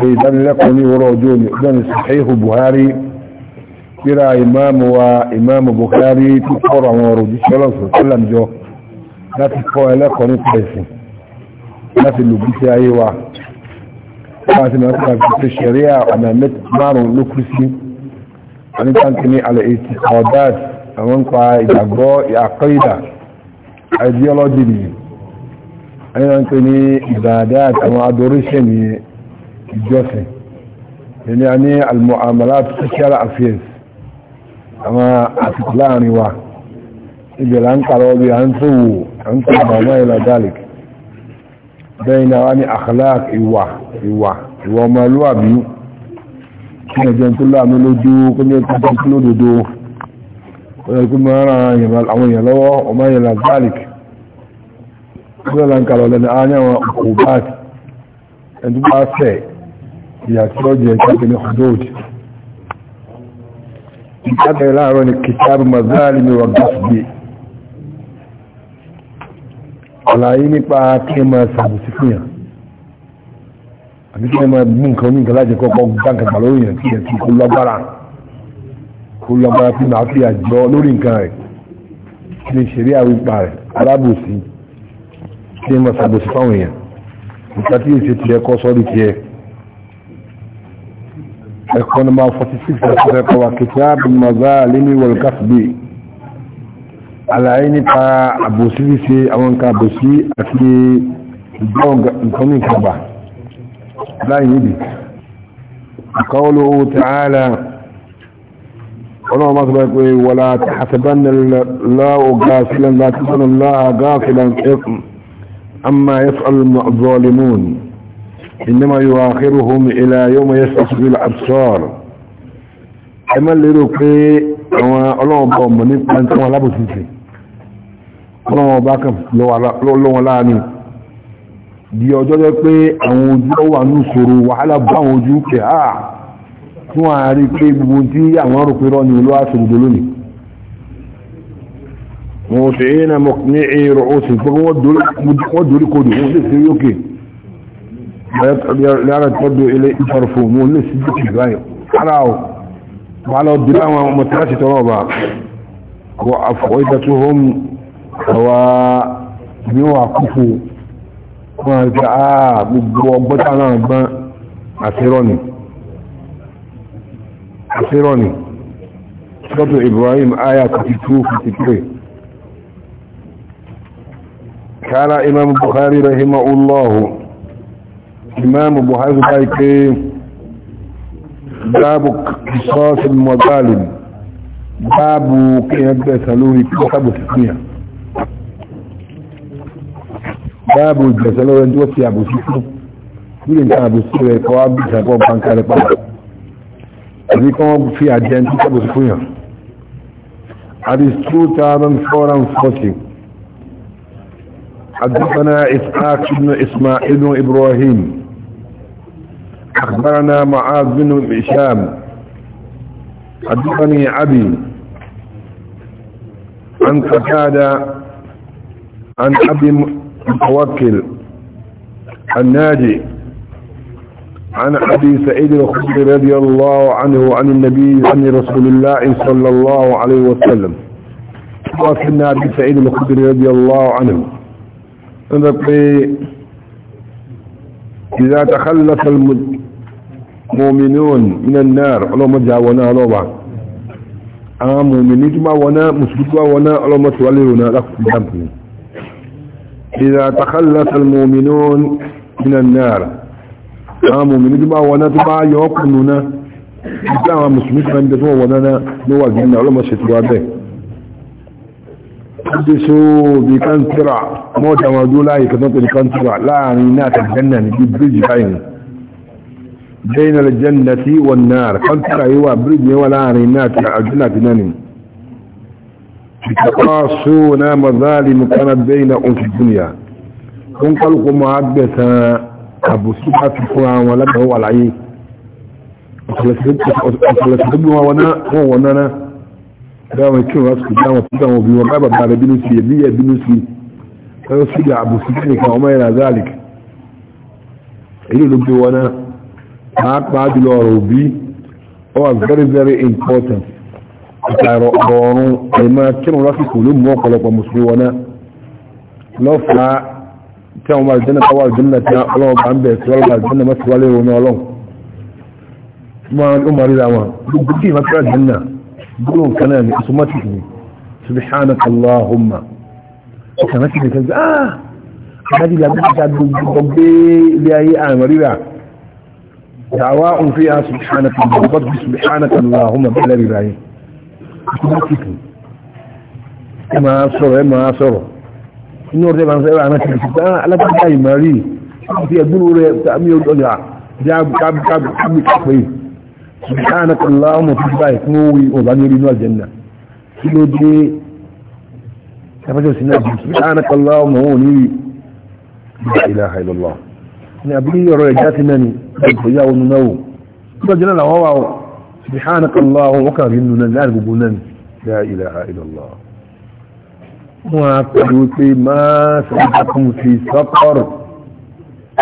بيدان لكم وراجوني بن صحيح بخاري كرا امام وامام بخاري تقرا ورد صلى الله عليه وسلم جو لا تقوى لكم تيسي لا تلبسي ايوه فاتنا اكتب في الشريعة انا مت مارو لكرسي انا كانتني على اعتقادات امانقوا اجابوا عقيدة ideology ni ayan to ni ibadat awon adoration ni ìjọsìn ẹni a ní al-mu'amalat social affairs àwọn àtìkù láàrin wa ibẹ̀ là ń kàrọ̀ bí a ń tòwò a ń tòwò àwọn ìlà dalek bẹ́ẹ̀ ni a ní akhlaq ìwà ìwà ìwà ọmọlúwàbí kí ẹjọ́ tó láàánú lójú kó ní ẹjọ́ tó lódodo kó ní ẹjọ́ máa ran àwọn èèyàn lọ́wọ́ ọmọ ìlà dalek bẹ́ẹ̀ là ń kàrọ̀ lẹ́nu a ní àwọn òkú báàkì ẹni tó bá fẹ́ẹ̀ يعتبر كتاب الحدود كتاب العرون كتاب مظالم والقصد àlàyé nípa kí ẹ máa sàbòsí fún yàn àti kí ẹ máa mú nǹkan ní nǹkan láti kọ́kọ́ gbàǹkàgbà lórí yàn kí ẹ ti kó lágbára kó lágbára fún màá fi àjọ lórí nǹkan rẹ̀ kí lè ṣeré àwọn ipa rẹ̀ alábòsí kí ẹ máa sàbòsí fáwọn èèyàn nǹkan tí èsì tiẹ̀ kọ́ sọ́ọ́dì economy 46 kitab al-mazalim wal kasbi àlàyé nípa àbòsí ṣíṣe àwọn nǹkan àbòsí àti nǹkan ní ìkàgbà láì níbi àkọọ́lò tààlà ọlọ́wọ́ máa sọ́bàá pé wà láti àtàbánà láàgá sílẹ̀ láti sọ́nà láàgá sílẹ̀ amma yas'al zalimun إنما يؤخرهم إلى يوم يسقط في الأبصار أما اللي روكي ọlọ́wọ́ bọ̀ mọ̀ ní pàntí wọn lábòsíṣẹ́ ọlọ́wọ́ bá kàn lọ́wọ́ láàrin di ọjọ́ jẹ́ pé àwọn ojú ọwà ní ìṣòro wàhálà bá àwọn ojú pé à fún ààrí pé gbogbo tí àwọn rò pé rọ́ni ló àṣòròdó lónìí wọ́n ṣe é na mọ̀ ní èrò oṣù pé wọ́n dorí kodò wọ́n lè ṣe yókè lára tọ́dọ̀ ilé ìfọ̀rọ̀fọ̀ mú lè sí jùkì báyìí ara ọ̀ bá lọ bí láwọn ọmọ tí láti tọrọ bá wọ àfọwọ́ ìdájọ́ hóm àwa ní wà kúfò wọn àti قال إمام البخاري رحمه الله imam buhari báyìí pé báàbù sọ́ọ̀sì mọ̀gálì báàbù kíyàn gbẹ̀sà lórí pọ́sàbù sísúnyà báàbù gbẹ̀sà lórí ẹni tó fi àbò sísú bí lè ní àbò sí rẹ̀ kọ́ àbùsà pọ̀ báńkà rẹ̀ padà àbí kọ́ wọ́n fi àjẹ́ ní pọ́sàbù sísúnyà حديث 2440 حدثنا إسحاق بن إسماعيل بن إبراهيم أخبرنا معاذ بن هشام حدثني أبي عن قتادة عن أبي متوكل الناجي عن أبي سعيد الخدري رضي الله عنه عن النبي عن رسول الله صلى الله عليه وسلم وكنا أبي سعيد الخدري رضي الله عنه إذا تخلف المد مؤمنون من النار الله ما جاونا الله آه مؤمنين تما ونا مسلم ونا الله ما تولينا لكم إذا تخلص المؤمنون من النار آه، مؤمنين تما ونا تما يوقنونا إذا ما مسلم تما يدوم ونا نواجهنا الله ما ستواده حدثوا بكنترا ما جاونا دولاي كنت لا نينات الجنة نجيب بيجي فاين بين الجنة والنار قد ترعيوا برجي ولا رينات الجنة ناني تقاصون مظالم كانت بينهم في الدنيا كن قلقوا معبسا أبو سبحة في القرآن ولبه العيه ọ̀sọ̀lẹ̀sọ̀lẹ̀sọ̀lẹ̀sọ̀lẹ̀ wọn nana dáwọn kí wọ́n sọ̀rọ̀ dáwọn tó dáwọn obìnrin bá bàbá rẹ̀ bínú sí ẹ̀bí ẹ̀bínú sí ẹ̀rọ sí àbùsí nìkan ọmọ ìrà zalik èyí ló gbé wọn náà pàápàá jùlọ ọ̀rọ̀ òbí ó wà very very important ìtàrọ̀ ọ̀rọ̀run àìmá kírun lásìkò ló mú ọ̀pọ̀lọpọ̀ mùsùlùmí wọn náà lọ́fà tí àwọn máa jẹ́nà káwà jẹ́nà tí ọlọ́wọ́ bá ń bẹ̀ sí ọlọ́wọ́ jẹ́nà mọ́sí wálé wọn náà ọlọ́run máa ń mọ̀ rírà wọn gbogbo kí ìmọ̀kíra jẹ́nà gbọ́dọ̀ nǹkan náà ní automatic ni subhanaka allahumma ọkàn náà ti nìkan gbé ah adájú ìlàgbé ilé ayé àmọ́ rírà دعواء فيها سبحانك وبرد سبحانك اللهم بلا ببعين ما أصر ما أصر النور دي بانسي بانا أنا كنت أنا كنت أي مالي في أدول ولي تأمير الأجع جاب كاب كاب كاب كاب سبحانك اللهم في الباية نوي وضعني لنوى الجنة كيلو دي كيف جلسنا سبحانك اللهم هو نوي لا إله إلا الله ni àbí ọ̀rọ̀ ẹ̀já ti náà ni gbogbo ìyá òun náà wò gbọ́jọ́ náà làwọn wà ó subhanaka Allahu wọn kàrí nínú náà láàrin gbogbo náà ni la ilaha illallah wọn á pẹ̀lú pé máa sọ́jà kún fi sọ́kọ̀rọ̀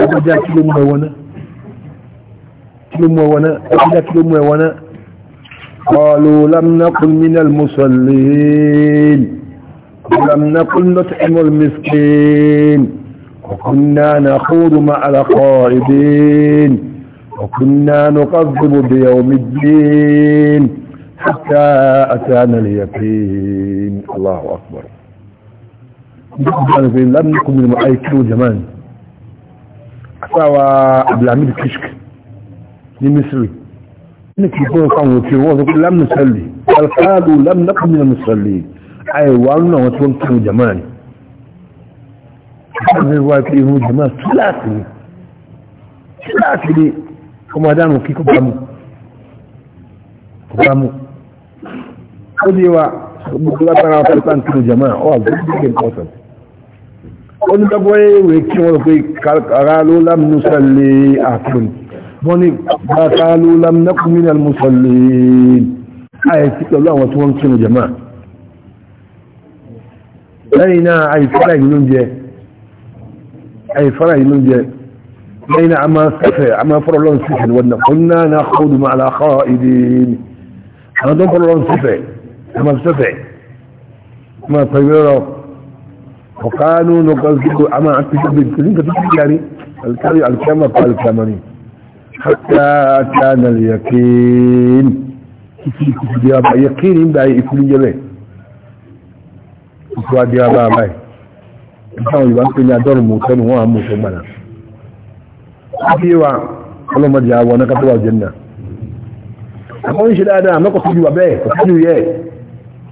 ọjọ́já kí ló mú ẹwọ náà kí ló mú ẹwọ náà ọjọ́já kí ló mú ẹwọ náà قالوا لم نكن من المصلين ولم نكن نطعم المسكين وكنا نخوض مع القائدين وكنا نقذب بيوم الدين حتى أتانا اليقين الله أكبر لم نكن من المؤيكين زمان أساوى عبد العميد كشك لمصري لم نصلي قال قالوا لم نكن من المصلين أي وأنا كانوا زمان ìpàdé wá pé irun jẹ̀mọ́ kíláàsì ni kíláàsì ni ọmọ adánù kí kò bá mu kò bá mu ó di wa gbogbo látara ọ̀pọ̀lọpọ̀ àti irun jẹ̀mọ́ ọ̀ àgbẹ̀gbẹ̀ ìpọ̀sọ̀ ó ní dọ́gbọ́ ìwé kí wọ́n pé kàrà ló lámìnú sẹ́lẹ̀ àkùn wọ́n ní bàtà ló lámìnú sẹ́lẹ̀ àìsí pẹ̀lú àwọn tí wọ́n ń kírun jẹ̀mọ́ lẹ́yìn náà àìsí láì lóúnjẹ أي فرعي من جاي بين عما سفه عما فرع لهم سفه ودنا قلنا نأخذ مع الخائدين أنا دون فرع لهم سفه عما سفه ما طيبيره وقالوا نقصد عما عتشب الكلين كتبت يعني الكري الكامة فالكامني حتى كان اليقين كتير كتير يقين بأي إكلين جبه كتير يقين بأي ìtàwọn ìwà ń pè ní adọ́rùn mọ̀tẹ́nu wọn àmú òfin gbàdà àti ìwà ọlọ́mọdé àwọn ọ̀nà kápẹ́wà jẹ́nà àwọn oníṣẹ́ dáadáa mẹ́kọ̀ tó ju wà bẹ́ẹ̀ kò tó yẹ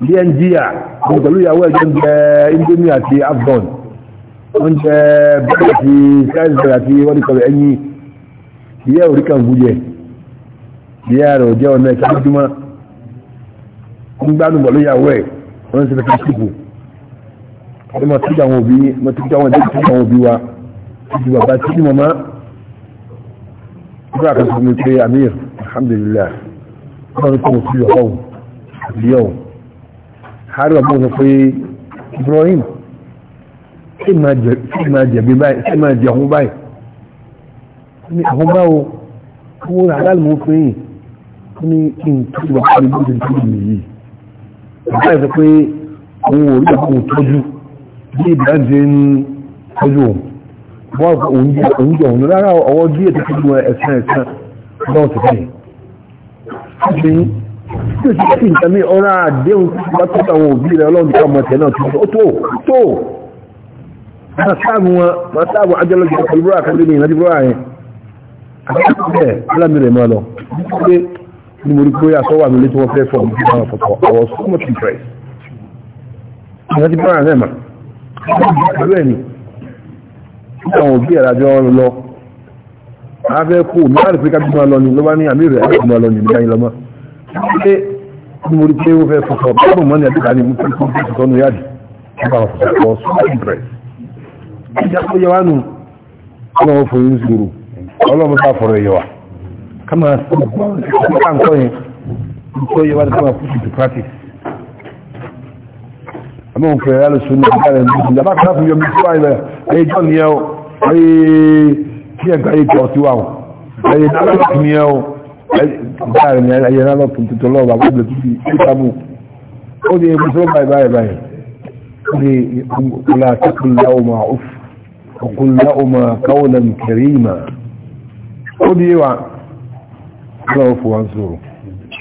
bí ẹn jíyà òun pẹ̀lú ìyàwó ẹ̀jẹ̀ ń jẹ indomie àti afghan wọ́n jẹ bẹ́ẹ̀ àti sáyẹ́nsì àti wọ́n ní kọlẹ̀ ẹ̀yìn ìyá òrí kan gúnjẹ ìyá rẹ̀ ò jẹ́ ọ̀nà ìkàlójúmọ́ àti máa tọ́jú àwọn òbí máa tọ́jú àwọn ẹ̀dẹ́ tọ́jú àwọn òbí wa títí bàbá títí màmá nígbà kan sọ mi pé amir alhamdulillah wọ́n ní kò mo fi ọ̀hún àti yẹ̀wò harry bàbá mo sọ pé ibrahim ṣé máa jẹ̀bi báyìí ṣé máa jẹ̀ ọ̀hún báyìí ní àwọn báwo owó àdáàlì mo pè é kí n tọ́jú bàbá mi bó ti tọ́jú mi yìí bàbá yìí sọ pé òun ò rí bàbá mo tọ́jú bí ìbìlẹ̀ ṣe ń tọ́jú wọn oúnjẹ òun lára ọwọ́ díẹ̀ tó tọ́jú ẹ̀sán ẹ̀sán lọ́wọ́ tó fẹ́ ṣe tí ó ti kí nǹkan ní ọ̀rá àdéhùn bá tó àwọn òbí rẹ̀ ọlọ́run ká mọ̀ tẹ̀lé ọ̀tún ó tó tó máa sáàbù wọn máa sáàbù ajọ́lọ́jọ́ pẹ̀lú búrọ̀ àkàndé ní ìrántí búrọ̀ àyẹn àkàndé bẹ́ẹ̀ alámi rẹ̀ máa lọ wípé ní mo rí pé àtọ́wà mi lé tí wọ́n fẹ́ fọ́ mi kí wọ́n fọ́tọ̀ àwọn so much interest ìrántí búrọ̀ àyẹn náà pẹ̀lú ẹ̀mí àwọn òbí ẹ̀rájọ́ lọ afẹ́ kú márùn pé kábí máa lọ ní ló bá ní àmì rẹ̀ láti máa lọ ní ìgbà yìí lọ́mọ́ pé bí mo rí pé ó fẹ́ fọ́fọ́ pọ́pọ̀ mọ́ ní àdúgbà ní mú kí ó sọ́nù yáàdì nípa ọ̀fọ̀ sọ́ọ̀dì press ìjà tó yẹ wá nù ọlọ́wọ́ fún yín sùúrù ọlọ́wọ́ bá fọ̀rọ̀ yẹ wá ká practice àmọ́ òun fẹ̀rẹ̀ alùsùn ní ìgbàlẹ̀ ìgbàlẹ̀ ìjàmbá kan láti yọmi sí wáyé ẹyẹ jọ ní ẹ o ẹyẹ kí ẹgbẹ́ ayé kọ̀ sí wa o ẹyẹ nálọ́ọ̀kì ní ẹ o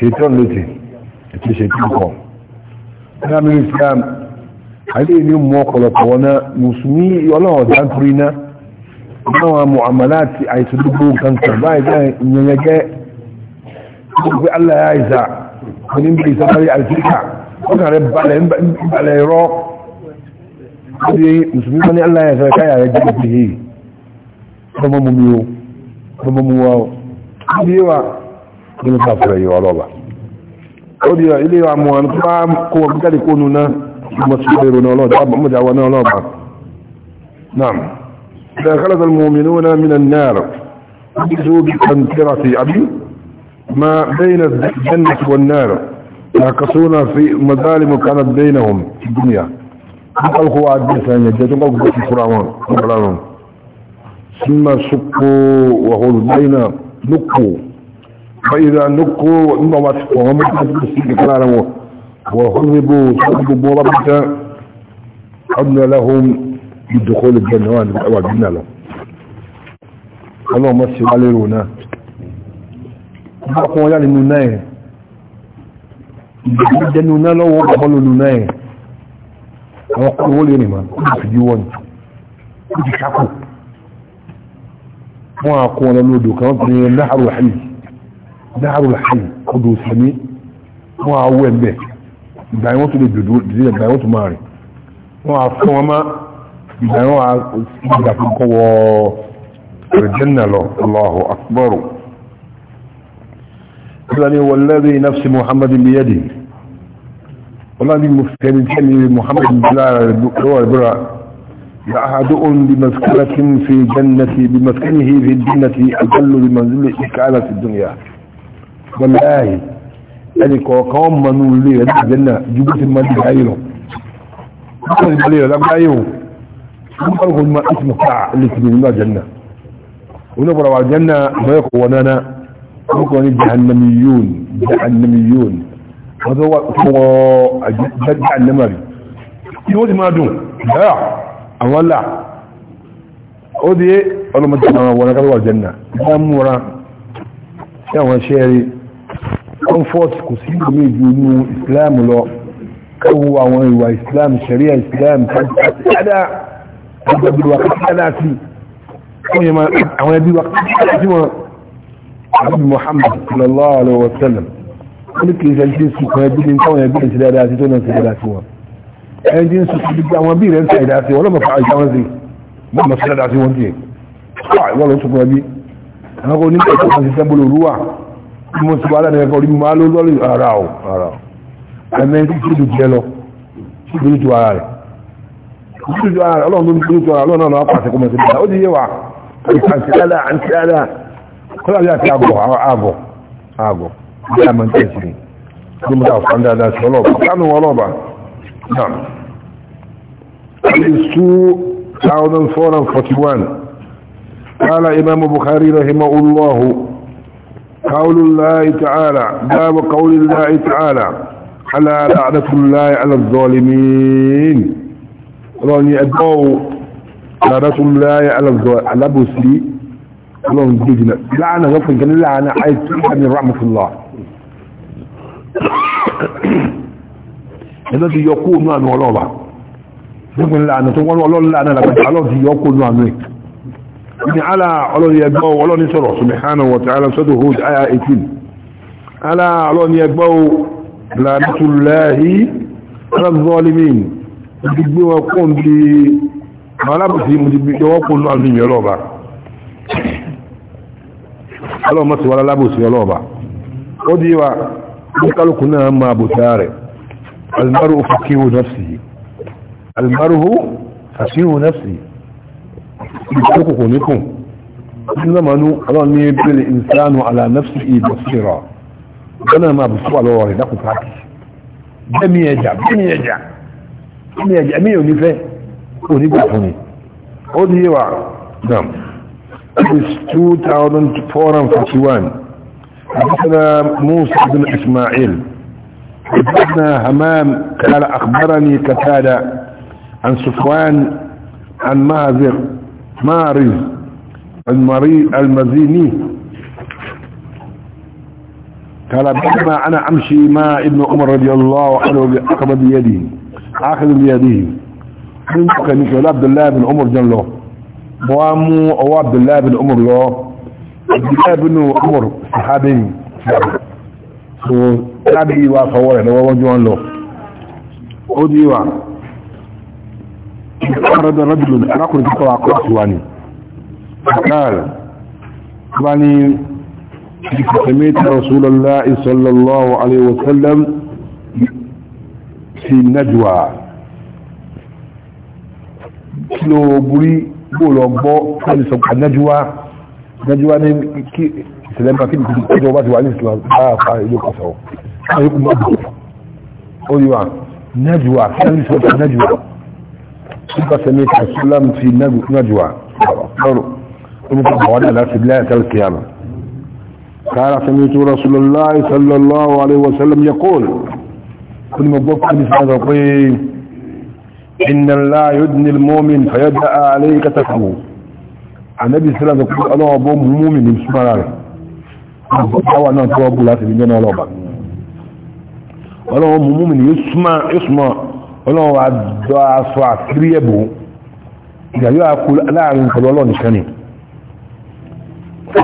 ìgbàlẹ̀ ní ẹyẹ àdéhùn ní mú ọ̀pọ̀lọpọ̀ wọn náà mùsùlùmí ọlọ́run ọ̀dà ń torí náà náwọn mu'amala ti àìsàn gbogbo nǹkan kan báyìí náà ìyẹnyẹgẹ́ gbogbo allah ya ìzà oní bí ìsọ́kari àìsíkà ọkàn rẹ̀ balẹ̀ rọ́ ọdí mùsùlùmí kan ní allah ya ìzà káyà rẹ̀ jẹ́ ìpìlẹ̀ yìí محمد ونولود محمد ونولود نعم إذا خلد المؤمنون من النار أجزوا بقنطرة أبي ما بين الجنة والنار ناقصونا في مظالم كانت بينهم في الدنيا ألقوا ثانية جاتوا ألقوا في فرعون ثم سقوا بين نقوا فإذا نقوا وهم يتبسوا كرارهم وهربوا وصدقوا ربك عدنا لهم بالدخول الجنة وعدنا لهم اللهم مسي علينا بقوا يعني نناية الجنة نناية لو وضحلوا نناية وقلوا لي نما في ديوان كنت شاكو ما أقول لودو كمان نحر الحي نحر الحي قدوس حميد ما أعوان به ìgbà yẹn wọ́n tún lè dòdò ìdílé ìgbà yẹn wọ́n tún máa rìn wọ́n á fún wọn má ìgbà yẹn wọ́n á gbà fún kọ́ wọ aljanna lọ Allahu akbar ìlànà walladhi nafsi Muhammadin biyadihi والذي مفتن كلمة محمد بلا البرع لأحدهم بمسكنة في جنة بمسكنه في الجنة أقل بمنزل إكالة الدنيا والله ẹni kọ̀ọ̀kan wọn mọ̀ nínú ilé rẹ̀ láti jẹ́nà ju bó ti mọ̀ ní ayé lọ. wọ́n ti balẹ̀ rẹ̀ lágbáyé o wọ́n kọ́ lóko ma ìsìnkú káà lè ti nínú àjẹ́nà. wọ́n bọ̀rọ̀ wà jẹ́nà mọ̀yẹ́ kọ̀ wọ́n náná wọ́n kọ́ ní jahannami yóòn jahannami yóòn wọ́n tó wà fọwọ́ comfort kò sí ìgbòmí ìjú inú islam lọ káwọ àwọn ìwà islam sharia islam àwọn ẹbí wa kàtàkàtà sí wọn abu muhammad sallallahu alaihi wasallam wọ́n kìí ṣe ṣe sùkùn ẹbí ní káwọn ẹbí ìṣẹ́ dáadáa sí tó náà sí dáadáa sí wọn ẹni tí ń sùkùn bí àwọn bí rẹ̀ ń ṣe ìdásí wọn lọ́mọ̀ fàájá wọn sí mọ́ sí dáadáa sí wọn sí ẹ̀ wọ́n lọ sùkùn ẹbí àwọn onígbà mo ti wà lẹ́nu ẹ̀kọ́ rí mo máa ló lọ́lẹ̀ ara ọ̀ ara ọ̀ ẹ̀mẹ́ tí kí lójú ẹ lọ kí lójú tó ara rẹ̀ kí lójú ara rẹ̀ ọlọ́run lójú tó ara ọlọ́run náà lọ́wọ́ pàṣẹ kó mọ̀ sí bíi ó ti yé wa àǹtíyàdà قال إمام بخاري رحمه الله قول الله تعالى باب قول الله تعالى على لعنة الله على الظالمين راني أدعو لعنة الله على الظالمين على بسي جدنا لعنة غفر كان لعنة عايز من رحمة الله هذا يقول ما نوع يقول لعنة والله لعنة لك الله يقول ما نوع ni ala ọlọ́ni ẹgbọ́ ọlọ́ni sọ̀rọ̀ subhanahu wa ta'ala sọ́dọ̀ hood aya 18 ala ọlọ́ni ẹgbọ́ lànàtúláhí alábùsọ́límìn ti gbé wọn kún bí alábùsí mo ti gbé wọn kún náà nìyẹn lọ́ba ọlọ́mọ sí wọn alábùsí ọlọ́ba ó di wa ní kálukú náà máa bùtá rẹ̀ almaru ìkókò kò ní kùn ní lámàánú ọlọ́run ní bẹ́lẹ̀ ìsánú alánẹ́fsì ìbọ̀síra gánà máa bù fún àlọ́wọ̀ rẹ̀ dákùn káàkì bẹ́ẹ̀mí ẹjà bẹ́ẹ̀mí ẹjà bẹ́ẹ̀mí ẹjà mí ò ní fẹ́ ò ní gbà fún ni ó di yé wa dam is 2441 حدثنا موسى بن اسماعيل حدثنا همام قال اخبرني قتاده عن سفوان عن مهزر مارز المري المزيني قال بما انا امشي مع ابن عمر رضي الله عنه باخذ بيده اخذ بيده من كان يقول عبد الله بن عمر الله وامو او عبد الله بن عمر له عبد الله بن عمر صحابي so tabi wa fawara da wawan juwan lo أرد رجل أراكم تقرأ قرأت واني فقال واني سميت رسول الله صلى الله عليه وسلم في النجوى كيلو بري بولو بو كان سبق النجوى نجوى ني كي سلام كي كيلو بات وعلي السلام اه قايلو قصو ايكم ابو او يوان نجوى كان سبق النجوى قد سميت السلام في نجوى أفضل المتضوعنا لا سبلاء القيامة قال سميت رسول الله صلى الله عليه وسلم يقول كل مبوك بسم الرقيم إن الله يدني المؤمن فيدعى عليك تفهمه النبي صلى الله عليه وسلم يقول الله أبو مؤمن بسم الله أبو أنا أتوابه لا سبلاء الله أبو الله مؤمن يسمع يسمع ọlọ́run wa dọ́ aṣọ àkírí ẹ̀bù ìgbàyọ́ akú láàrin pẹ̀lú ọlọ́run nìkan ni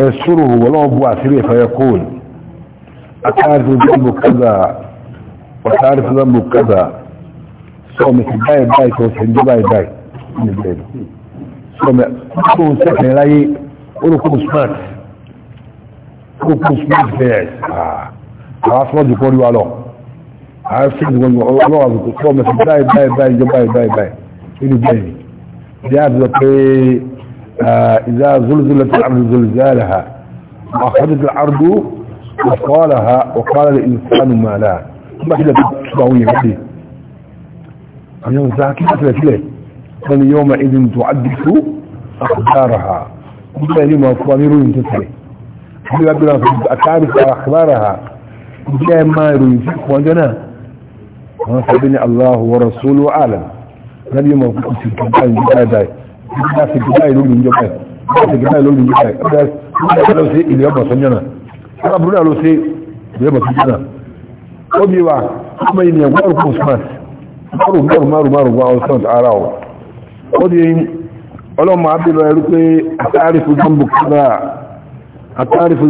ẹ̀ṣòro ọlọ́run bu àkírí ẹ̀fẹ́ kóòl àtàrí tó dánbò kádà ọ̀tàrí tó dánbò kádà sọmi ti báyìí báyìí tó ṣe ń jẹ́ báyìí báyìí ní ìbẹ̀rẹ̀ tó ń sẹ́kẹ̀ láyé orúkọ smart orúkọ smart bẹ́ẹ̀ àwọn afọ́jú kọ́ rí عارفين والله تقوم في باي باي باي باي باي باي إلي باي جاب لقي إذا زلزلت الأرض زلزالها وأخذت الأرض وقالها وقال الإنسان ما لا ما كده تسبعوية بدي أنا زاكي أثلت ليه من يومئذ تعدف أخبارها كل لما أصبانيرو ينتسلي حبيب أبدا أكابس أخبارها جاء ما يرو ينتسلي wọ́n sọ bí ní Allahu wa rasuluhu alam lábí ọmọ ìsìn kẹta ìjọba ìdáyì nígbà sí kẹta ìlú ìlú ìjọba nígbà sí kẹta ìlú ìlú ìjọba ẹgbẹ́ ìjọba ló sí ilé ọmọ sọnyọ́nà ẹgbẹ́ burúkú ló sí ilé ọmọ sọnyọ́nà ó bí wa ọmọ ènìyàn gbọ́rù fún smart gbọ́rù gbọ́rù márù márù wá ọsán ara ọ ó di ọlọ́mọ abúlọ ẹrú pé àtàrífù zambu kaza àtàrífù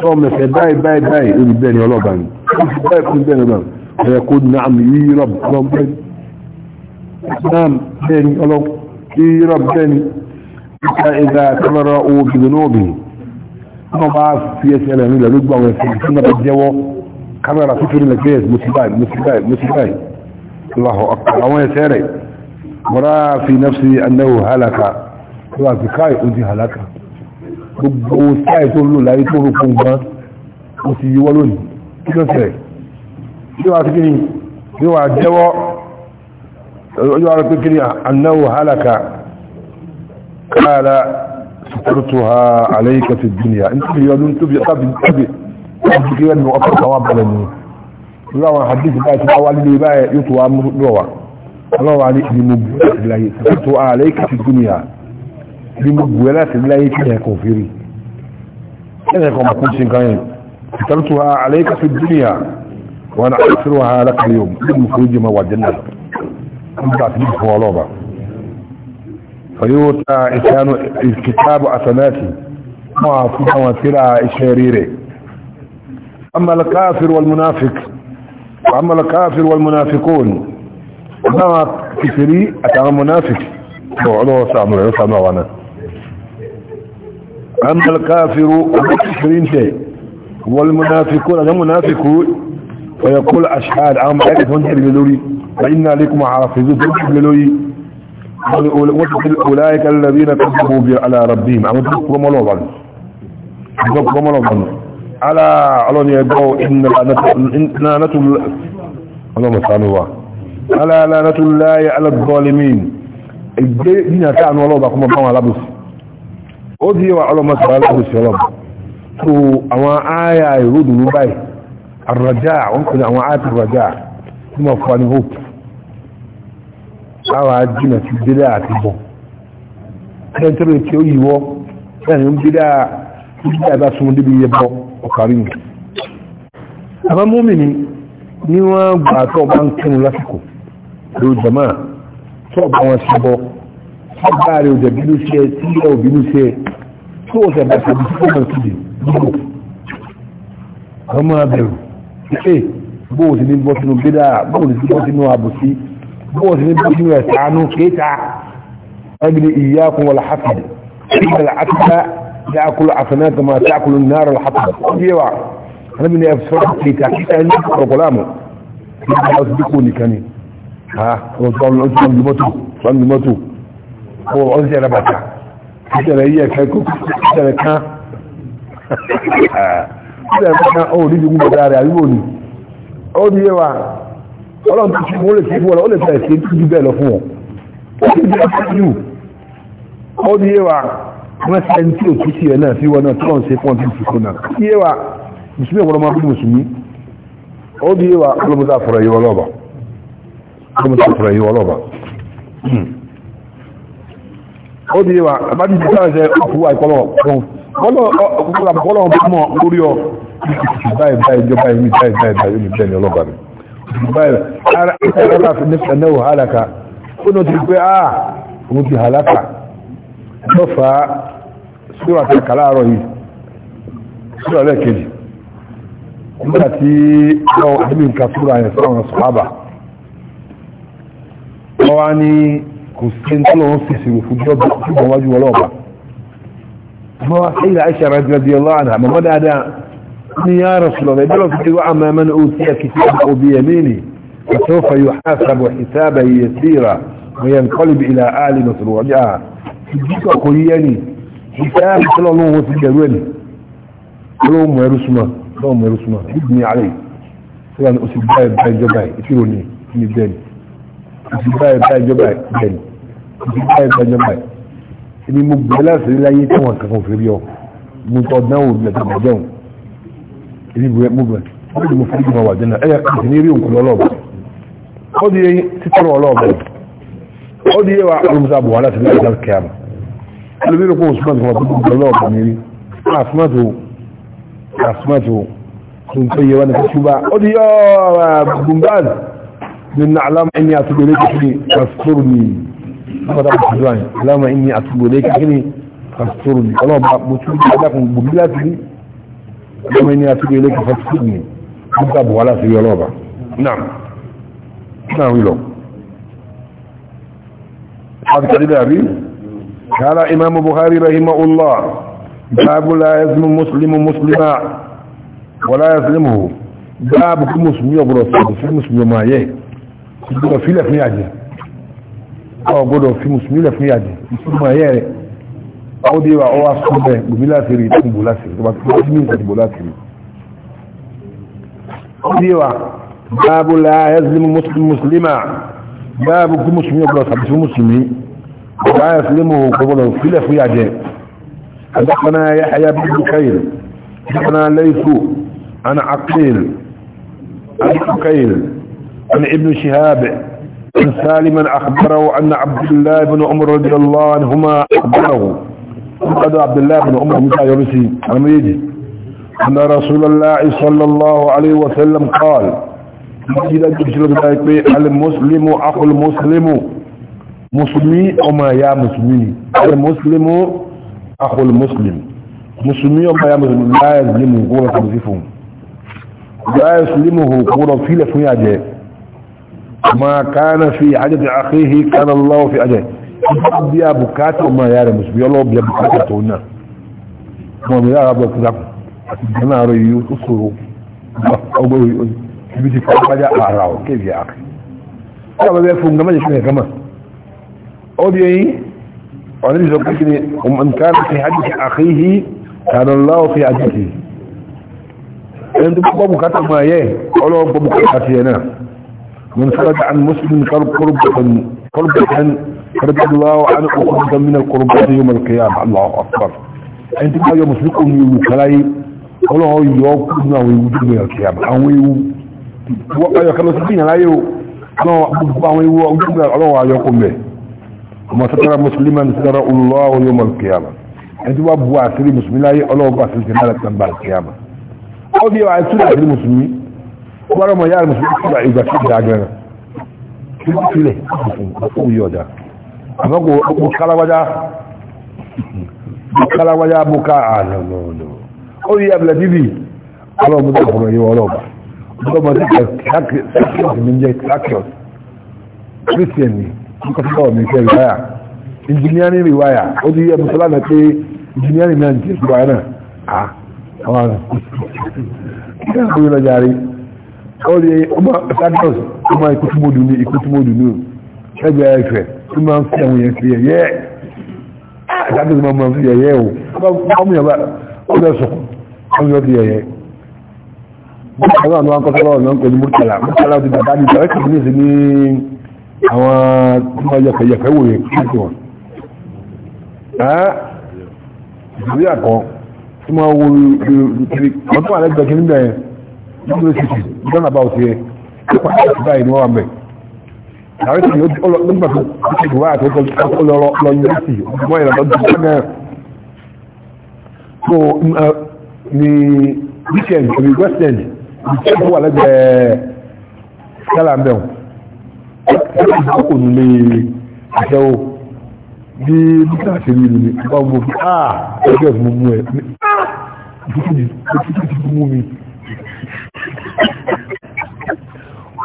sọ mẹsẹ̀ báyìí báyìí olùbẹ́ni ọlọ́bàá ni ó fi báyìí fún فيقول نعم يا رب ربنا نعم ثاني قالوا يي رب ثاني فإذا تبرؤوا بذنوبهم أما بعض في أسئلة من الرجبة ويسألون بالجوة كاميرا كفر لكيس مسيباي مسيباي مسيباي الله أكبر أما يسألي ورا في نفسي أنه هلك الله تكاي أنت هلك gbogbo تقول له لا يتوقف tó rò كيف gan yóò wá sí kí ni yóò wá jẹ́wọ́ yóò wá pé kí ni annáwó halaka káàlá sukurtuha alayka fi duniya in tóbi yọdún tóbi tábì tábì tábì kí wọ́n ọkọ̀ kan wá balẹ̀ ni yóò àwọn hadith báyìí tí wọ́n wá lílé báyìí yóò tó wá mú lọ́wọ́ ọlọ́wà ní ìdìmọ̀ bú láti láyé sukurtuha alayka fi duniya ìdìmọ̀ bú láti láyé kí ni ẹ̀kọ́ fèrè kí ni ẹ̀kọ́ mọ̀kún sí nǹkan yẹn sukurtuha alayka fi duniya وانا اشروها لك اليوم ابن فوجي ما وجدنا انت عتمين فوالوبة فيوتا اتانو الكتاب اثناتي ما فوتا وثيرا اشاريري اما الكافر والمنافق اما الكافر والمنافقون اما كفري اتانا منافق وعلوه سامر عصام وانا اما الكافر والمنافقون والمنافقون والمنافقون ويقول أشحاد عام أعرف هنجر للوري فإنا لكم عافظوا عافظون تنجر للوري أولئك الذين كذبوا على ربهم عم تذكرهم الله ظن تذكرهم الله ظن على علون يدعو إن لعنة اللهم صل الله على لعنة الله على الظالمين الدين كان والله بكم ما على بس ودي وعلى ما الله بس يا رب تو اما آية يرد بيه الرجاء وانكد عوات الرجاء ثم فاني هوب àwọn ajínà ti dídá àti bọ̀ ẹ̀ntẹ́rẹ̀ tí ó yíwọ́ ẹ̀yìn dídá dídá bá súnmọ́ débi yẹ bọ́ ọ̀kàrí nù àbámọ́mìnì ní wọ́n gbà tó bá ń kírun lásìkò ló jama tó bá wọn sí bọ́ ọgbà rẹ̀ òjẹ̀ bínú sí ẹ tí ilẹ̀ òbínú sí ẹ tó ọ̀sẹ̀ bàtà bí tó kọ̀ sí pé bóò sí ní bọ́ sínú gbéra bóò sí bọ́ sínú àbòsí bóò sí ní bọ́ sínú ẹ̀sánú kéta ẹgbẹ́ ìyá kún wọlé hafi ìgbàlá àtúntà ya akulu afẹ́nà kama ta akulu náírà hafi ọdíyẹwà anábì ní ẹ̀fọ́ kéta kéta ní ọ̀pọ̀lámù nígbà ọdún dípò nìkan ni ọdún mọ́tò ọdún sẹ́rẹ̀ bàtà sẹ́rẹ̀ yíyẹ kẹ́kọ̀ọ́ sẹ́rẹ̀ kan sílẹ̀ nǹkan ó ní jùmọ̀ dára rẹ̀ àríwò ni ó ní yé wa ọlọ́run ti fún olè fún ọlọ́ ó lè fẹ́ ṣe jù bẹ́ẹ̀ lọ fún ọ ó ti bí ọkọ̀ jù ó ní yé wa wọ́n ṣe ẹni tí ò kí sí ẹ̀ náà sí wọn náà tí wọ́n ṣe fún ọ tí ò fún náà ó ní yé wa mùsùlùmí ọ̀pọ̀lọpọ̀ máa bí mùsùlùmí ó ní yé wa ọlọ́mọdé àfọ̀rọ̀ yìí ọlọ́ba ọlọ́mọdé àfọ̀rọ̀ yìí ọlọ́ba ó ní yé wa àbájú ti bọ́lọ̀ ọ̀gbọ́n bọ́lọ̀ ọ̀gbọ́n mọ̀ lórí ọ báyìí báyìí jọ báyìí báyìí báyìí báyìí ní bẹ́ẹ̀ ni ọlọ́gbà mi báyìí ara ìta ìrọ́lá fi nípa náà hálàkà ó náà ti pé a ah, òun ti hálàkà ló fa síwà tí kàlá àárọ̀ yìí síwà lẹ́ẹ̀kejì nígbà tí wọ́n ẹ̀mí nǹkan síwà yẹn sọ́rọ̀ wọn sọ́ábà wọ́n wá ní kò sí ní tọ́lọ́wọ́n sì sí òfin jọ́bọ̀ wájú ọlọ́ọ̀bà ما حيل عشرة رضي الله عنها ما بدأ يا رسول الله يقول في وعما من أوتي كتابه بيمينه فسوف يحاسب حسابا يسيرا وينقلب إلى أهل مسروعها تجيك قرياني يعني، حساب صلى الله عليه وسلم اللهم يا رسمة اللهم يا رسمة ابني علي سواء أسباي باي جباي اتيروني اتيروني اتيروني اتيروني اتيروني اتيروني اتيروني اتيروني èmi mo gbọ́ láti láyé tí wọ́n kankan fèrè ọ mo tọ́ dán òun lẹ́tọ́ bá jẹun èmi bọ̀ mo bẹ̀ ó lè mo fi ìgbìmọ̀ wà jẹ́nà ẹ̀yà kìí ní rí òkú lọ́lọ́ọ̀bà ó di yé títọ́rọ̀ ọlọ́ọ̀bà ó di yé wa alùmùsà bọ̀ wà láti láyé láti kẹ́ àmà alùmí rẹ̀ kó o súnmọ́ ìgbìmọ̀ tó gbọ́ lọ́ọ̀bà mi rí àsúmọ́tò àsúmọ́tò tó ń tó yé wa ní kí ṣúbà di yé ọ̀ bùnbáàdì ní nàlámà ẹni àtúgbẹ̀rẹ̀ kìí محمد ابو حلواني اللهم اني اتوب اليك اغني فاسترني اللهم بتوب عليك بملاتي اللهم اني اتوب اليك فاسترني حتى ابو علاء في اليوروبا نعم نعم يلو هذا كريم يا قال امام البخاري رحمه الله باب لا يزم مسلم مسلما ولا يظلمه باب كل مسلم يبرس في مسلم ما يه في لفني عجيب ọ gbọ́dọ̀ fi musulmi lẹ̀ fún yàjẹ́ ìtumọ̀ ẹ̀yẹ rẹ̀ ó dé wa ọwá sún bẹ́ẹ̀ gbòmí láti rí ìtún bò láti rí tó bá tó bá mímú ìtàdìbò láti rí ó dé wa báàbù láàyè zlimu musulima báàbù kí musulmi ọgbọ́dọ̀ tàbí fún musulmi láàyè zlimu ọgbọ́dọ̀ filẹ̀ fún yàjẹ́ àdàkọ́nà yahya bin bukayil àdàkọ́nà laysu ana aqil an bukayil an ibnu shihab سالما أخبره أن عبد الله بن عمر رضي الله عنهما أخبره قد عبد الله بن عمر متى يرسي عميدي أن رسول الله صلى الله عليه وسلم قال مسجد المسلم أخو المسلم مسلمي وما يا مسلمي المسلم أخو المسلم مسلمي وما يا مسلمي لا يسلمه قولة مزيفهم لا يسلمه قولة فيلة فيها جاء ما كان في عدد أخيه كان الله في عدد أبيا بكات وما يارى مسبي الله أبيا بكات هنا وما يارى بكات أنا ريو أسره أبوي بيجي فقط أعراه كيف يا أخي أنا بيا فهم كما يشمي كما أبيا ونبي إيه؟ سبقني ومن كان في حدث أخيه كان الله في عدده أنت بابو كاتا ما يه أولو بابو كاتا ينام من خرج عن مسلم قرب قربة قربة فرج الله عن قربة من القربات يوم القيامة الله أكبر أنت ما يوم سلكم مسلمكم يوكلاي الله يوكلنا ويوجد من القيامة أو يو وقع يكلا سبين لا يو أنا أبوه يوجد من الله يقوم به وما سترى مسلما سترى الله يوم القيامة أنت ما أبوه أسري مسلم لا يو الله أبوه أسري مالك تنبال القيامة أو ديو أسري المسلمين wọ́n mọ̀ yára mùsùlùmí sígbà ìgbà sí ìdá agbẹ̀rẹ̀ kí ó sílẹ̀ fún o ọ̀dá àmọ́kò ọkọ̀ kalawaja bóká àlọ́lọ́lọ́ ó yí abúlé bíbí ọlọ́mọdé ọ̀rọ̀ yíwọ ọlọ́ọ̀bà ọlọ́mọdé sakios ní jẹ́ sakios christian ní kọ́sílọ́wọ̀ mi fẹ́ rìwáyà engineering rìwáyà ó ti yẹ mùsùlùmí pé engineering náà jẹ́ rìwáyà náà àwọn àwọn kí ọ̀rẹ́ ọba sadros ọmọ ìkútùmọ̀dù ní ìkútùmọ̀dù ní ẹgbẹ́ ẹ̀fẹ́ tí máa ń fi àwọn èèyàn sí ẹ̀yẹ́ ah, sadros máa ń fi ẹ̀yẹ́ o ọmọ ìyàbá ọjọ́ sọ̀kún ọjọ́ ti ẹ̀yẹ́ àwọn àwọn akọ́sọ́lọ́ ọ̀nà ń pè ní múrtàlá múrtàlá ti bàbá ní ìtàwẹ́ kìí ní ní àwọn tí wọ́n yẹ pẹ̀yẹ̀pẹ̀ wòye láti wọn ah, ìgbéyàkọ́ tí wọ́n wo eh, kiri àwọn tó wà lẹ́gbẹ̀ẹ́ kiri bẹ́ẹ̀ university learn about here nípa àti báyìí ni wọ́n wà mẹ́ ààrẹ tí nígbà tó ti wá àti ó lọ lọ yunifásitì ọmọ ìlànà lọ́dún tó náà so ni weekend ni west end ni tí ó wà lẹ́gbẹ̀ẹ́ sálàmbẹ̀ ọ̀hún ní àṣẹwò bí nígbà tí rí ni bá mú fi ah ẹgbẹ́ mú mú ẹ ah ìfúkú mú mi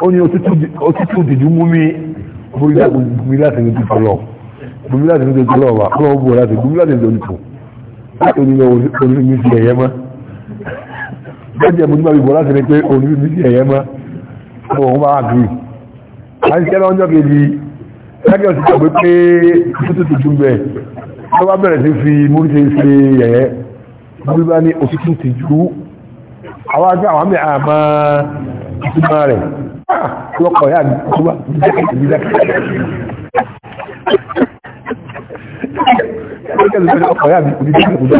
ó ní òtútù dìjú mú mi gbúmi láti ní tuntun lọ gbúmi láti ní tuntun lọ wà kúrò gbúmi láti gbúmi láti ní tuntun láti ní orí mi ti ẹ̀yẹ mọ́ bẹ́ẹ̀ jẹ́ mo ní bàbí bọ̀ láti ní pé orí mi ti ẹ̀yẹ mọ́ ọ̀wọ̀ wọn bá wà gírì láti ṣẹ́ lọ́jọ́ kejì lákẹ́ òtútù pé pé òtútù tuntun bẹ̀ ló bá bẹ̀rẹ̀ sí fi múrí ṣe ṣe ẹ̀yẹ gbúmi bá ní òtútù tìjú àwọn àjọ àwọn àmì àmà ìtumọ̀ rẹ̀ lọ́kọ̀ yà gbogbo ọkọ̀ yà gbogbo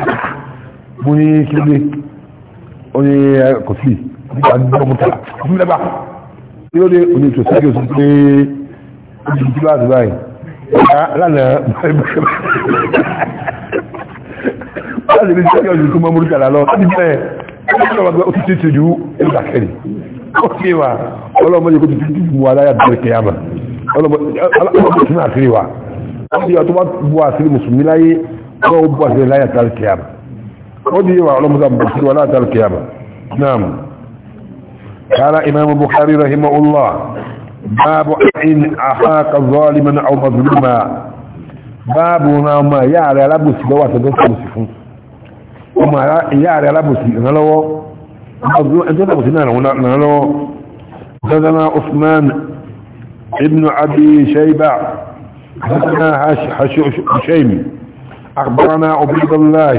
mo ní kílé ó ní kò sí nígbà nígbà mọ́ta fún lẹ́bà tí ó dé òní ètò sáré òsì pé ó ti dúró àti báyìí lánàá báyìí báyìí báyìí láti rí sáré òsì tó mọ́ mọ́ta lọ láti bẹ́ẹ̀ ọlọ́mọdé ó ti ti ti ju ẹgbà kẹrì ó ti wà ọlọ́mọdé kó ti ti bu aláyà bẹ̀rẹ̀ kẹyàmà ọlọ́mọdé tún àṣírí wa ó ti yà tó bá bu àṣírí mùsùlùmí láyé ọlọ́wọ́ bu àṣírí láyà tàrí kẹyàmà ó ti wà ọlọ́mọdé bu àṣírí wa láyà tàrí kẹyàmà naam kala imaamu Bukhari rahimahullah baabu in ahaaka zaliman aw mazluma baabu naa ma yaara alabusi lọ́wọ́ àtẹ̀dọ́sọ̀ musi fún ọmọ ìyá rẹ̀ alábòsí ìrànlọ́wọ́ ìrànlọ́wọ́ Abi أخبرنا عبيد الله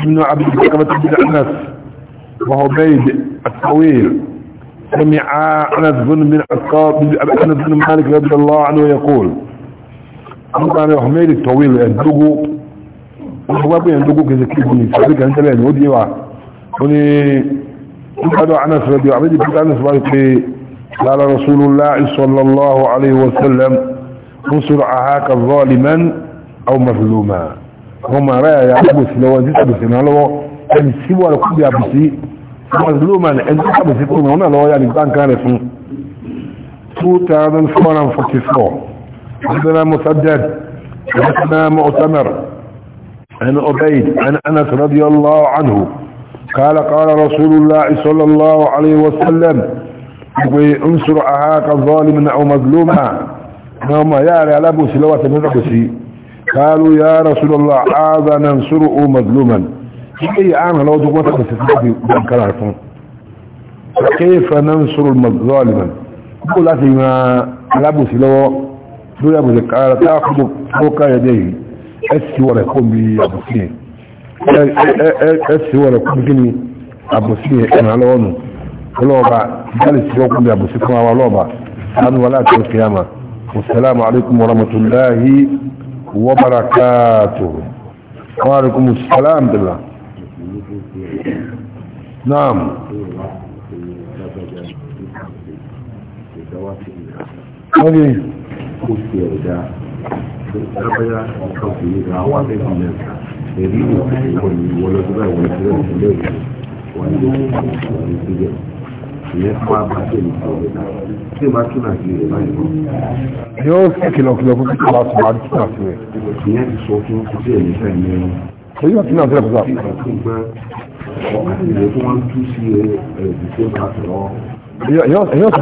ابن ابي بكرة بن أنس وعبيد الطويل سمع أنس بن من أنس بن مالك رضي الله عنه يقول أمر حميد الطويل wọ́n pẹ́ yẹn dógó kẹsẹ̀ kíkù ní ìsàbí kan tẹ́lẹ̀ ní ó díẹ̀ wà ó ní ìgbádọ́ anas rẹ̀ bí i àbẹ́jì peter anas wáyé pé lára rasulullah sallallahu alaihi wasallam ń sọ̀rọ̀ àhákà zaliman aw mazluma wọn máa ráyà ya gbò sí lọ́wọ́ ní sàbẹ̀sẹ̀ náà lọ́wọ́ ẹni sí wà عندنا مسدد عندنا مؤتمر عن أبيد عن أنس رضي الله عنه قال قال رسول الله صلى الله عليه وسلم انصر أهاك الظالم أو مظلوما هم نعم، يا لابو سلوات من ربسي قالوا يا رسول الله هذا ننصره مظلوما أي عام لو دقمت بسيطة بأمكانكم ننصر الظالما قلت ما لابو ابو قال تأخذ فوق يديه ẹsì wọ̀rẹ̀ kó bí àbùsí ẹ̀ ẹsì wọ̀rẹ̀ kó bí kíni àbùsí ẹ̀ ẹ̀nà lọ́wọ́nù ọlọ́ọ̀bà ìdáàlì sí wọ́n kó bí àbùsí fún wa ọlọ́ọ̀bà sanu wa láti ọ̀kẹ́ àmà wasalaamu alaykum wa rahmatulahi wa barakaatu bila naam. Okay lábẹ́yà ìkọ̀kì ìgbà yóò fi kìlọ̀kìlọ̀ fún kíkọ́ láti máa tún àti rẹ̀. ìyẹn ti sọ náà tẹ́lẹ̀ pẹ̀lú àpò. àtìlẹ̀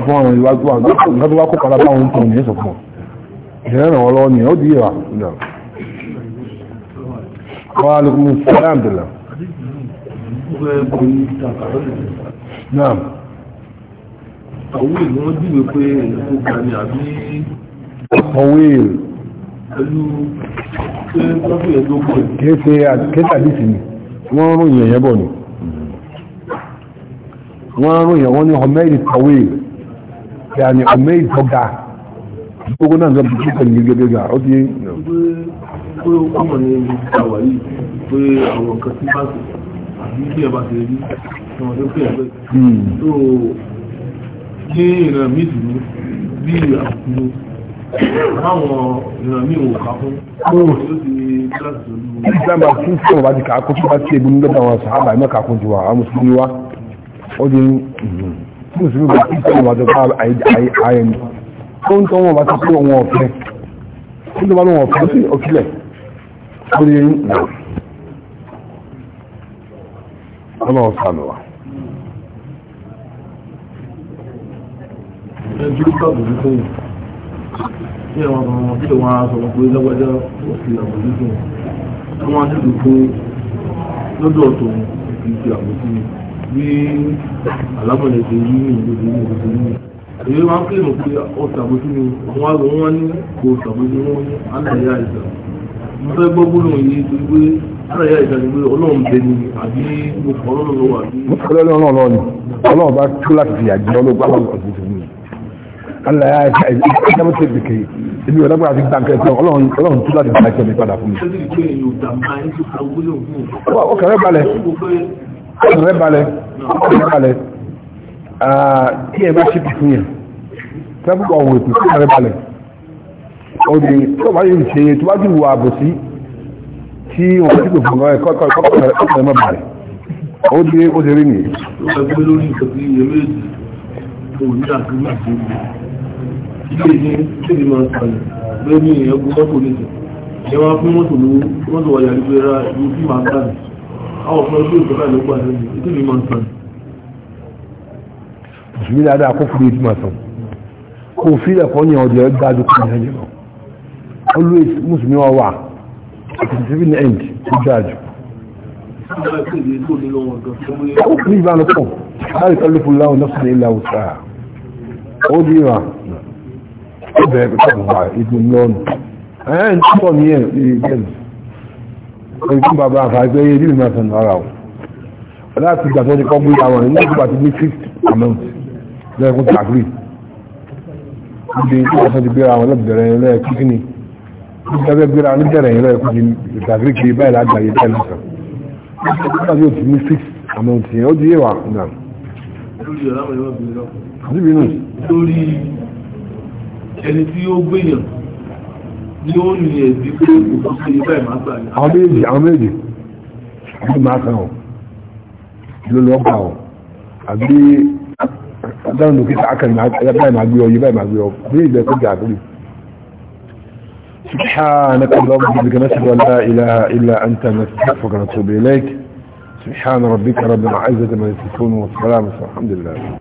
fún ọ̀rọ̀ ìwájú àwọn gbọ́dọ̀ wá kó padà ní ẹ̀sọ̀ fún ọ ìrìnà wọn lọ́wọ́ ni ó di ìwà náà wọ́n á lókun fọ́lá àbìlà náà àwọn ìlú wọn dìbò pé èkó gani àbí ọwọ́ èrò pẹ̀lú pé tọ́pù ẹ̀dọ́gbọ̀ kéèké àdìsì ni wọ́n ròyìn ẹ̀yẹ́ bọ̀ ni wọ́n ròyìn wọ́n ní ọmọ ìlú tọ́wọ́ èrò yàní ọmọ ìlú tọ́gà gbogbo náà nǹkan tó kàn ní gẹ́gẹ́ gà ó ti. pé ó kọ́mọ̀ ní àwà yìí pé àwọn kan tí bá àbí bí ẹ̀bá ti rí ọmọ tó pè ẹgbẹ́ tó ní ìran míì sì ní bí àkùnú àwọn ìran míì wò ká fún oh. ó ti kíláàsì lórí. ìjàmbá tí tí wọn bá ti kà á kó tó bá ti ebi nígbà àwọn sàábà ẹ̀mẹ́ka kún ju àwọn mùsùlùmí wa ó di hmm. mùsùlùmí bá tí tí wọn bá ti kà á ayẹni tó ń tọ́wọ́ bá ti pé òun ọ̀fẹ́ tó tó bá lóun ọ̀fẹ́ sí ọ̀kílẹ̀ ó lè ń nà ọlọ́run sàmì wa. ẹjú gbàgbọ́ ní sẹ́yìn tí àwọn ọmọ tí wọ́n á sọ pé lọ́wọ́dá ó fi àbójú fún wọn wọ́n á dìbò pé lọ́dọ̀ tòun kì í fi àbójú bí alámọ̀lẹ́sẹ̀ yìí ní ìlú ìlú ìlú ìlú àdìrí wọn kílè mọ̀ pé ó ṣàbójú ni wọn á wọn ní kò ṣàbójú wọn ní àlàyé àìsàn mo fẹ́ gbọ́ gbólóhùn yìí torí pé àlàyé àìsàn ni pé ọlọ́run bẹ ni àbí mo fọ ọlọ́run lọ́wọ́ àbí. ọlọ́run náà lọ́ọ̀ni ọlọ́run bá tú láti fi àjẹ́ ọlọ́gbà lọ́wọ́ ọ̀sìn tó ní. àlàyé àìsàn ìjọba mo ti bèkè èmi ọ̀dọ́gba àti gbàǹkẹ́ sọ ọlọ́run tú láti fi àjẹ́ mi padà fún mi. ọkàn rẹ balẹ̀ ọkàn rẹ balẹ̀ ọkàn rẹ balẹ̀ tí ẹ bá ṣe pè fún yàn tẹ́bùkọ̀ ọ̀wọ̀ ètò tí ẹ̀rẹ́ balẹ̀ òdì tó bá yìí ṣe tó bá jù wà àbòsí tí wọ́n ti pè fún ọ̀rẹ́ kọ́kọ́ ọ̀rẹ́ mọ́ balẹ̀ ó dé ó ṣe rí nìyí. Bẹ́ẹ̀ni ẹgbẹ́ mọ́tò nìkan, ẹ wá fún mọ́tò lówó, mọ́tò wà yàrá ìgbéra ìlú tí màá gbà ní. Àwọn ọ̀pọ̀ ẹgbẹ́ ìjọba ìlú gbà ní ìdílé máa ń sọ̀rọ̀ mùsùlùmí dáadáa kó fúru ìtumọ̀ sàn kò fílẹ̀ kọ́ ní ọdẹ gbájú kọ́ ní ẹjọ́ always mùsùlùmí wa wà àti seven end tó gbájú. ó kì í ìbánu pọ̀ láti kọ́ lóko láwọn nọ́ọ̀sì ní ilẹ̀ haúsá ó di ìwà ó bẹ̀rẹ̀ pẹ̀lú àwọn àwọn ìdùn lọ́nù ẹ̀yẹ́ ń tọ́ ní ẹ̀ ìgbẹ́lú ọ̀rẹ́kún bàbá àfàgbẹ́yẹ ìdílé máa sàn lára ọ̀ láti gbàtọ́ ní kọ́ gbé àwọn ìlú àti ní fifth amount lẹ́ẹ̀kún tàgírí ibi tí wọ́n fẹ́ ti gbéra àwọn lẹ́bẹ̀rẹ̀ yẹn lẹ́ẹ̀kún kí ni ìgbẹ́fẹ́ gbéra níbẹ̀rẹ̀ yẹn lẹ́ẹ̀kún ti tàgírí kiri báyìí lágbàáyé báyìí lọ́sàn nígbà tí ó ti ní six àmọ́ ti yẹn ó di yẹwà náà. níbi nù. lórí ẹni tí ó gbéyàn ni ó ní ẹbí pé kò tó ṣe báyìí máa gbà yẹn. àwọn méjì àwọn méjì àbí máa kàn ọ́ ló lọ́ọ́ gbà ọ́ àbí gbé gbé ọ bí سبحانك اللهم وبحمدك نشهد ان لا اله الا انت نستغفرك ونتوب اليك سبحان ربك رب العزه عما يصفون والسلام والحمد لله